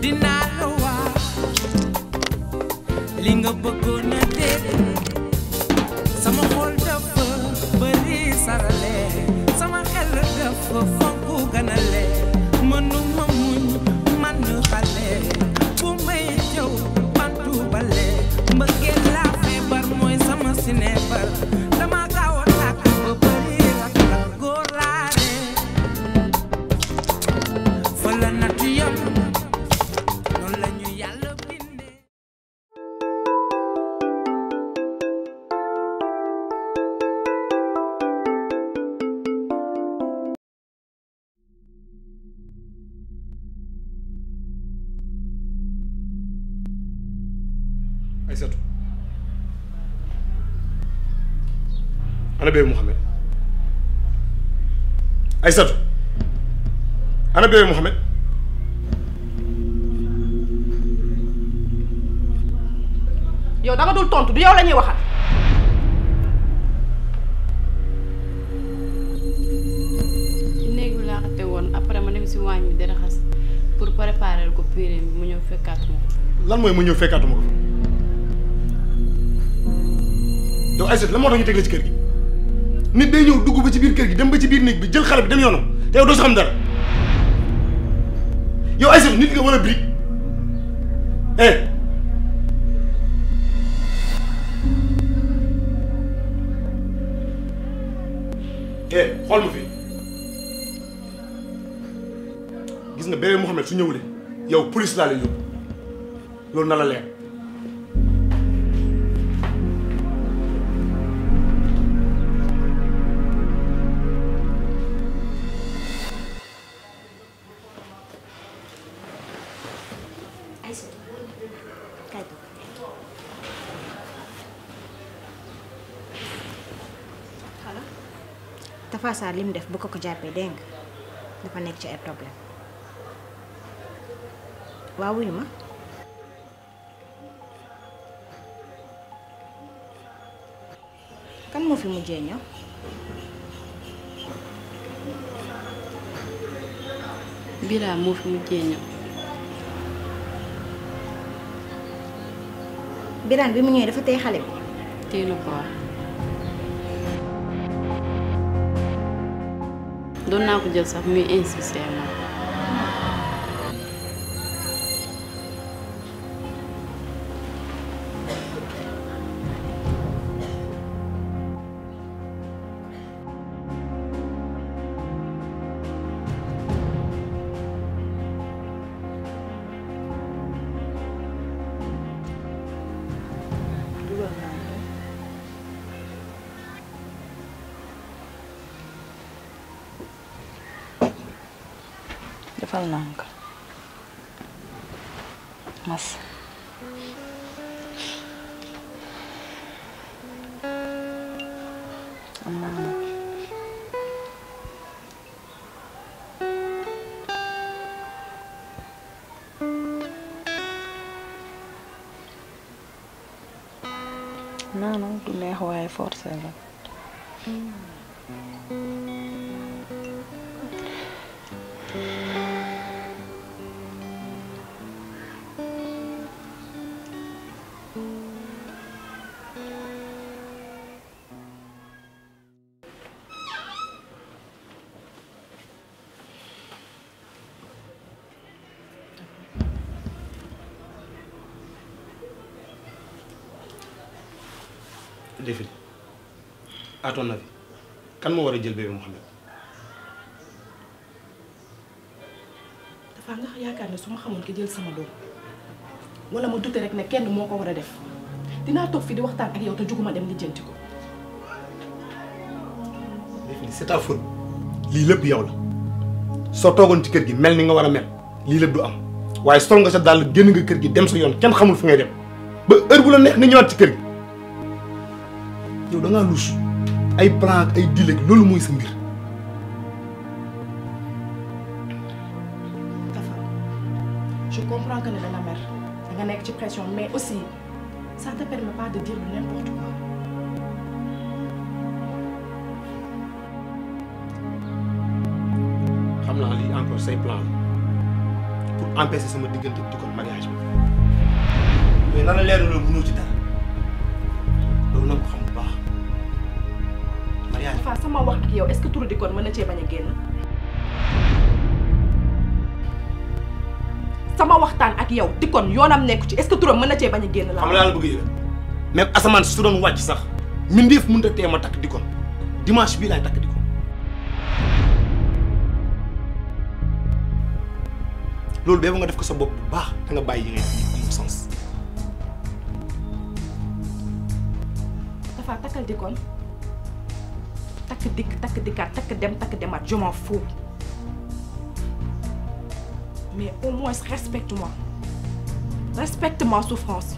dinaa la wax li nga bëggoon a sama xol dafa bëri sarale sama xel dafa fonk ganale ana bébé Mouhamed Aysatu ana bébé Mouhamed yow danga dul tontu du yow la ñuy waxal ci néeg bi laa xate woon après ma dem si waañ bi di raxas pour préparer ko purée bi mu ñëw fekkaatuma ko lan mooy mu ñëw fekkaatuma ko yow Aysatu lan moo tax ñu teg la kër gi nit day ñëw dugg ba ci biir kër gi dem ba ci biir néeg bi jël xale bi dem yoonam te yow doo si xam dara yow Aïssa nit eh? Eh, xool ma fi gis nga bébé Mouhamed su ñëwulee yow police laa lay yóbbu loolu na la leer. Massa lim def bu ko ko jappé dégg dafa nek ci ay ya. problème waaw wuyu ma kan mo fi mujjee ñëw Bira mo fi mujjee ñëw Biraan bi mu ñëw dafa tay xalé bi tey na ko doon naa ko jël sax muy defal nank mas nah, naa moom naanu du neex à ton avis kan mo wara jël bébé Mouhamed. dafa nga yaakaar ne suma xamone ki jël sama doom wala ma dute rek ne kenn moko wara def Dina tok fi di waxtaan ak yow te juguma dem lijeenti ko. c'est ta faute Li lepp yow la So togon ci kër gi melni nga wara mel Li lepp du am Waye sol nga sa dal genn nga kër gi dem sa yoon kenn xamul fu ngay dem ba heure bu la neex nga ñëwaat ci kër gi yow da nga louche. ay plan ay dilek ak moy sa mbir. Tafa je comprends que ne la mer danga nekk ci pression mais aussi ça te permet pas de dire n'importe quoi. xam naa lii encore say plan pour empêcher sama diggante du ko mariage mais nan la leeralal mënoo ci dara. ma wax ak yow est-ce que turu di kon mën na cee sama waxtan ak yow di kon yoonam ci est-ce que meuna ci baña genn la xam la la bëgg yi même asaman su doon wacc sax mbindeef mënut a tee ma takk di kon dimanche bi laay tak di kon loolu nga def ko sa bop bu baax da nga bayyi ngay sens dafa di kon dik dikk takk dikkaat dem takk demat je m'en fous mais au moins respecte-moi respecte ma souffrance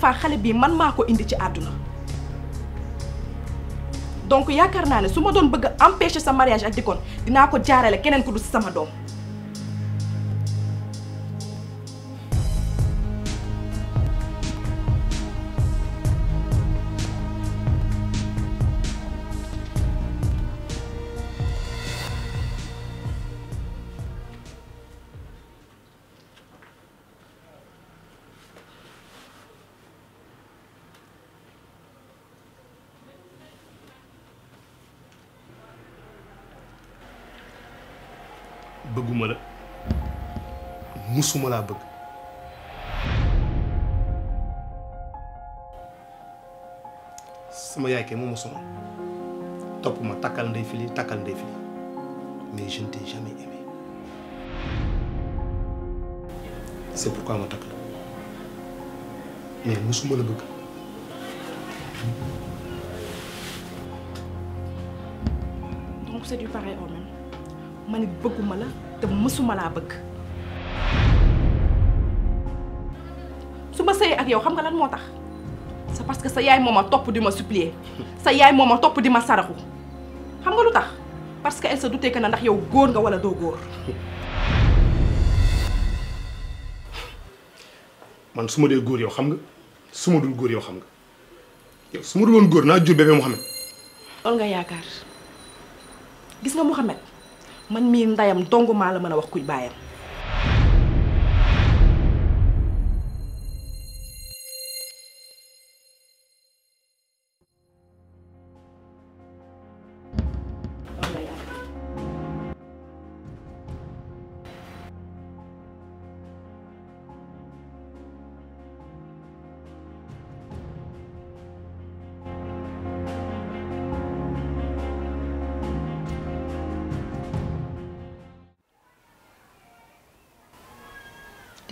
fa xale bi man mako indi ci aduna donc yakarna naa suma su beug doon empêcher sa mariage ak Dikon dina ko jaarale keneen ku du sama doom musuma la bëgg sama yaay kay moom ma sonal topp ma takkal ndey fili takkal ndey fi mais je ne t'ai jamais aimé c'est pourquoi ma takk la mais musuma la bëgg donc c'est du pareil au même ma nit bëgguma la te musuma la bëgg ma sëyee ak yow xam nga lan moo c'est parce que sa yaay moo ma topp di ma supplier sa yaay moo ma topp di ma saraxu xam nga lu tax parce que elle se doutait que na ndax yow góor nga wala doo góor. man su ma dee góor yow xam nga su dul góor yow xam nga yow su dul woon góor naa jur bébé Mouhamed. loolu nga yaakaar gis nga Mouhamed man mii ndayam dong maa la wax kuy baayam.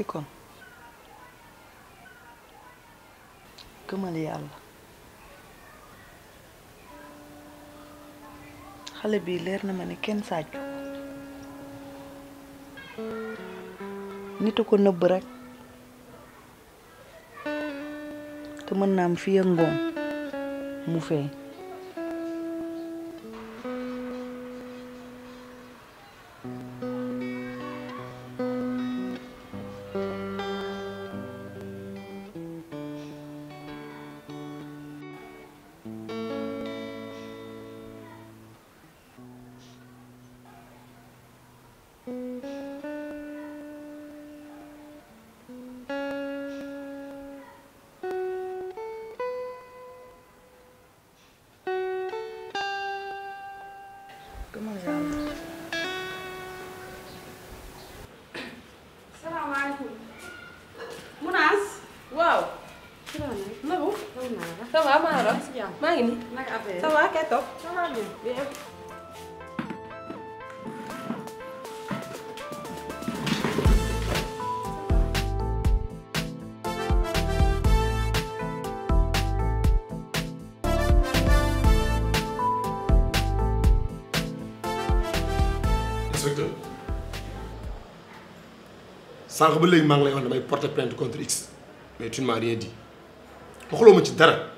ko gëmal yàlla xale bi leer na ma ne kenn sàccu nitu ko nëbb rek te mën naa am fii ak mu feeñ maa ini, nii. apa? Ya? sama ça va kay toog. ça va bien. inspecteur sànq ba léegi maa ngi lay wax plainte contre X mais e tu ne m'as rien dit waxuloo ma ci dara.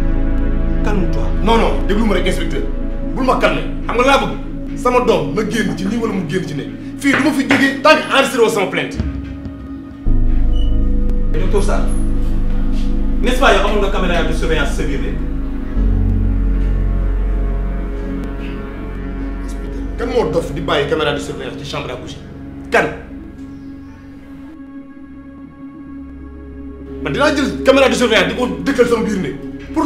calme-toi. non non déglu ma inspecteur bul ma calme xam nga je bëgg sama Je suis là. ci suis wala mu ci ne suis du ma fi jógee tant que plainte. docteur Sarr n'est-ce pas là. Je une caméra de surveillance sévérée..? Inspecteur, kan moo caméra de surveillance ci chambre à coucher Je caméra de surveillance la pour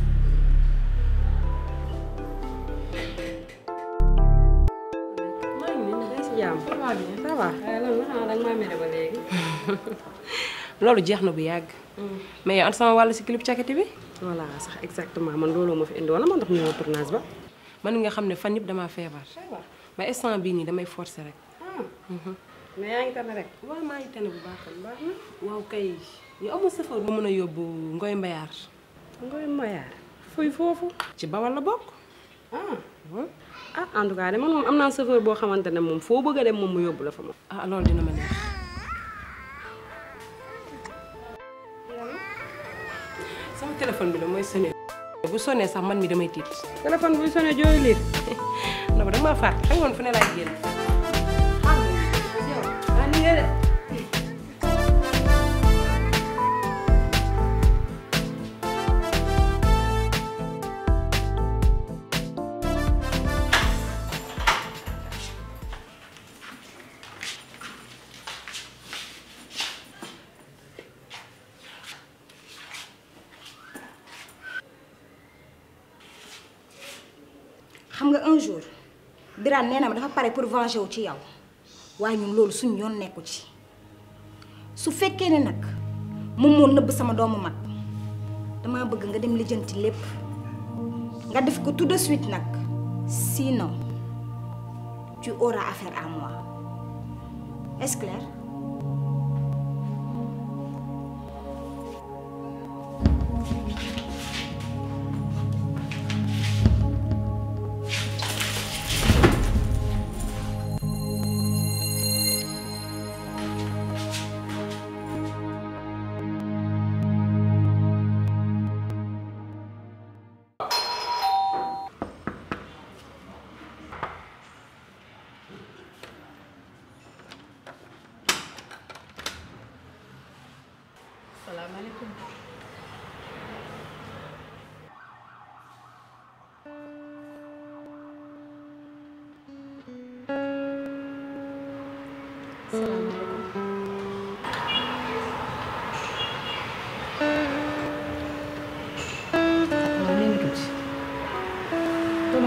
loolu jeex na bu yàgg. Mm. mais yow an sama wàll si clip cakati bi. voilà sax exactement man looloo ma fi indi wala man ndax ñëwoon tournage ba. man xam ne fan yëpp damaa feebar. ba instant bii nii damay forcer rek. Ah. Mhm. mais yaa rek. bu baax a baax na. Hmm? waaw mën a yóbbu Ngoy Mbayaar. Ngoy Mbayaar fuy foofu. ci Bawal la bokk. Ah. Hmm? ah en tout cas de man moom am naa chauffeur boo xamante ne moom foo bëgg a dem moom mu yóbbu la fa moom. ah loolu dina ma neex. téléphone bi la moy sonné bu sonné sax man mi damay tit téléphone bu sonné jooy liir non ba danga maa fàtte xam nga woon xam nga yow ah ni Birane nee na ma dafa pare pour venger wu ci yow waaye ñun loolu suñu yoon nekku ci su fekkee ne nag moom moo nëbb sama doomu mag damaa bëgg nga dem lijjanti lépp nga def ko tout de suite nag sinon tu auras affaire à moi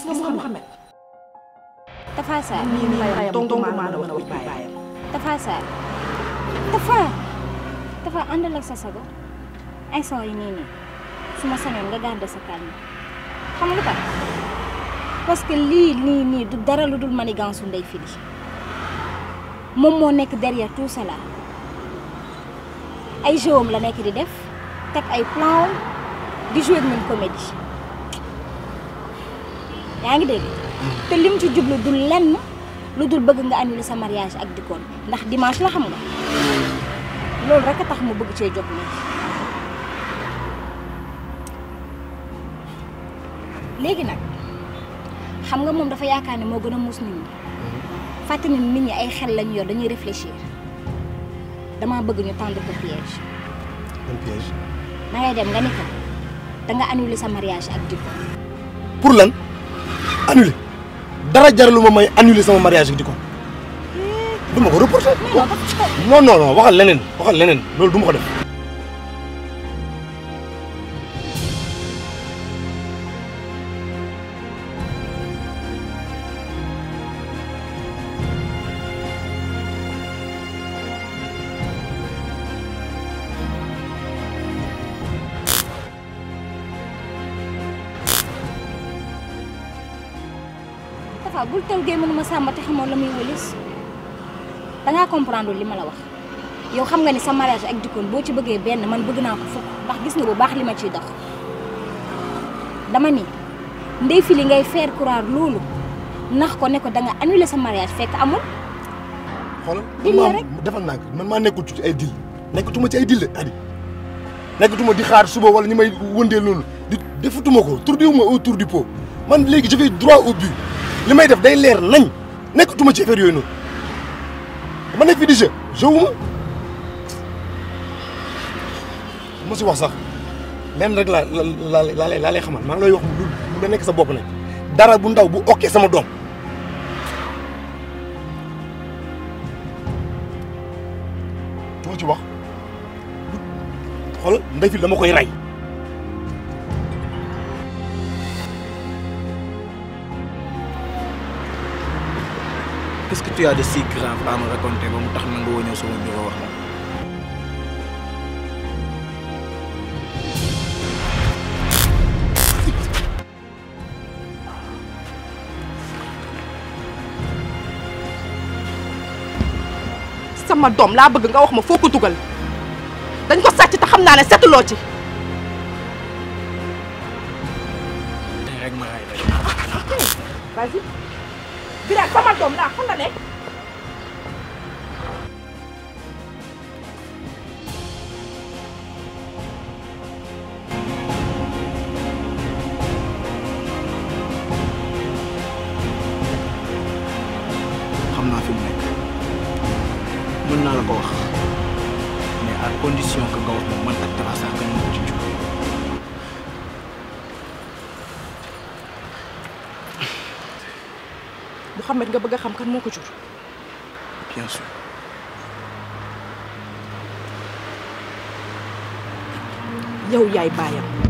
gis nga Mouhamed Tafa Sarr nii nii tonton ko maanaam mën a wuy baayam Tafa Sarr Tafa Tafa àndal ak sa sago instant yi nii nii su ma sañoon nga garde sa calme xam nga lu tax parce que lii nii nii du dara lu dul manigance ndey fi di moom moo nekk derrière ay jeu la nekk di def teg ay plan di jouer ak comédie yaangi deg te lim ci djublu du len lu dul bëgg nga annuler sa mariage ak dikkoon ndax dimanche la xam nga loolu rek tax mu beug ci jot léegi léegi nag xam nga mom dafa yakane mo moo mus a muus nit ñi fàtte ni nit ñi ay xel lañ yor dañuy réfléchir dama bëgg ñu tendre ko piège. un piège. na ngay dem nga ni da nga annuler sa mariage ak dikkoon. pour lan. annulé dara jaralu ma may annulé sama mariage bi di ko eh. du ma ko reporté non non non waxal leneen waxal leneen loolu duma ko def man gay mënuma sàmba te xamoo la muy wëlis da ngaa comprendre li ma la wax yow xam nga ni sa mariage ak jikkoon boo ci bëggee benn man bëgg naa ko fukk ndax gis nga bu baax li ma ciy dox dama ni ndey fi li ngay faire croire loolu nax ko ne ko da nga annuler sa mariage fekk amul. xoolal man rek defal naa man maa nekkul ci ay dil nekkatuma ci ay dil Adi nekkatuma di xaar suba wala ñi may wëndeel loolu di defatuma ko tour di ma autour du pot man léegi je vais droit au but. li may def day leer nañ nekkatuma ci affaire yooyu noonu ma nekk fi di jeu jeu ma si wax sax lenn rek laa la la laa lay xamal maa ngi lay wax lu la nekk sa bopp nag dara bu ndaw bu okkee sama doom du ci wax xool ndey fi dama koy rey qu'est-ce que tu as de si grave à me raconter sama doom laa bëgg nga wax ma foo ko dugal dañ ko sàcc te xam naa ne setuloo ci. Birame sama doom laa fan la nekk nga bëgg a xam kan moo ko jur. bien sûr. yow baayam.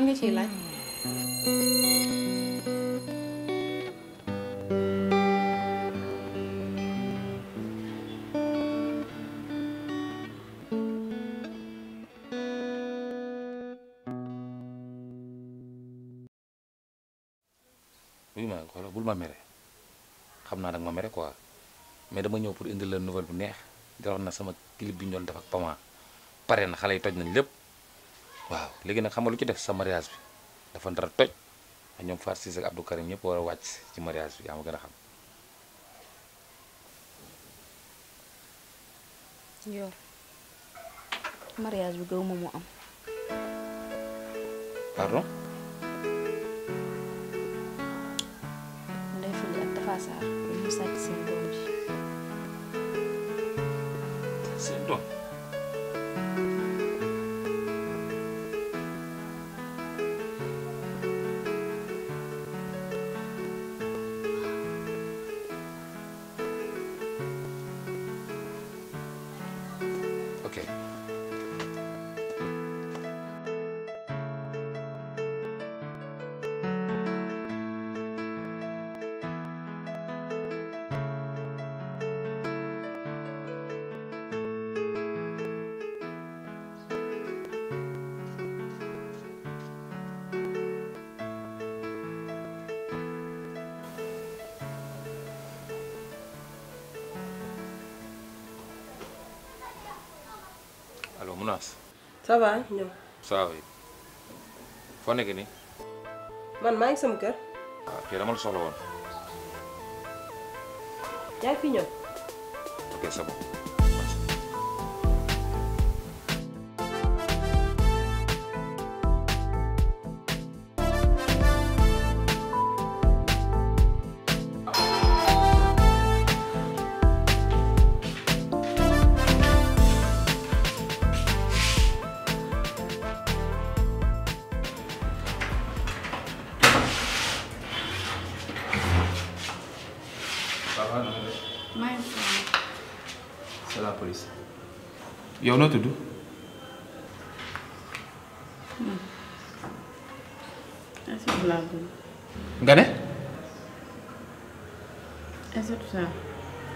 kan kecil lah. ma ko bul nag ma mere quoi mais dama ñëw pour la nouvelle bu neex na sama clip bi ñu doon def ak pama waaw léegi nag xam nga lu ci def sa mariage bi dafa ndara toj ak ñoom Fatou Cissé ak Abdou Karim ñëpp war a wàcc ci mariage bi yaa ma gën a xam. yor mariage bi gëw ma am. pardon. Ndeye Fodé ak Tafa Sarr ñu sàcc seen doom ji. Naas. ça va foo nekk nii. man maa ngi sama kër. waaw ah, la soxla woon. yaa fi ñëw. ok c'est yow noo tudd. Aïssatou laa tudd. nga ne.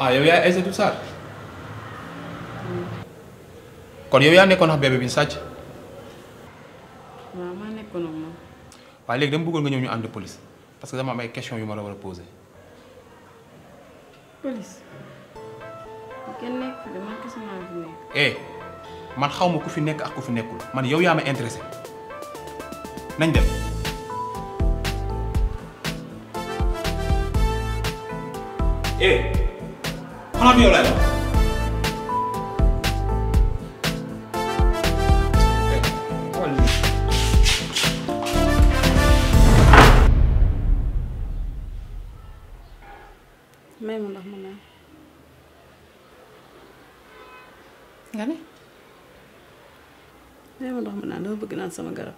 ah yow yaay Aïssatou Sarr. kon yow yaa nekkoon ak bi sàcc. waaw maa nekkoon moom. waaye léegi dama bëggoon nga ñëw ñu ànd police parce que dama am ay questions yu ma la war a posé. police. kenn nekk fi de man kese maa fi man xawma ku fi nek ak ku fi nekul man yow yaa ma intéressé nañ dem. eh xanaa bi yow lay wax. naan sama garab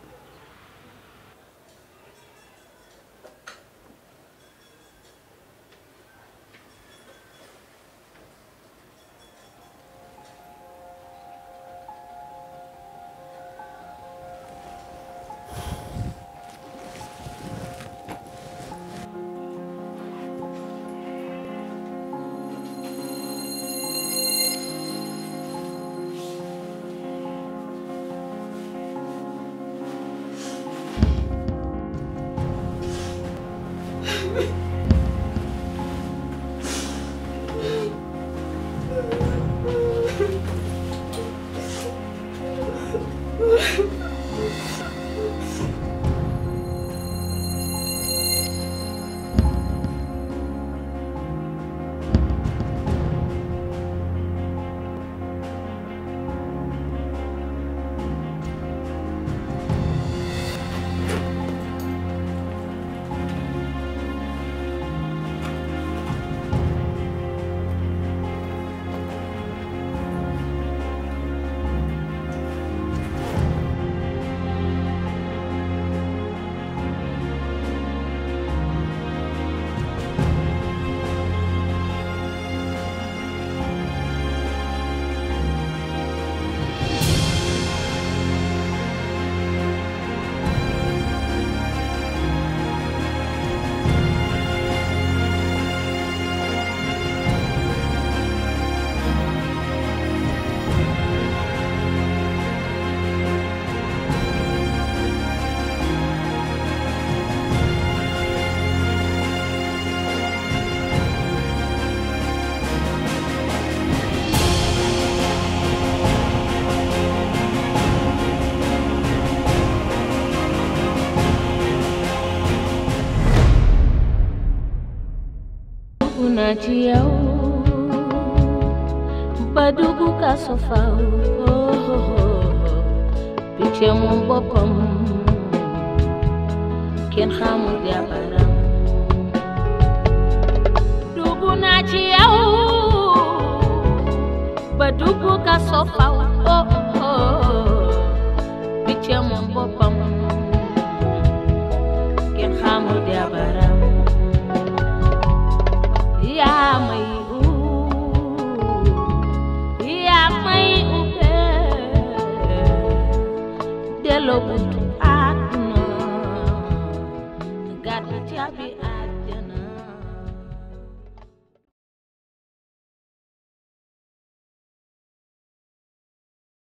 unajiau badugu kasofa oh, oh, oh. piche mum boppam kenn xamul yabaram dugu naa ci badugu kasofa oh, oh, piche mum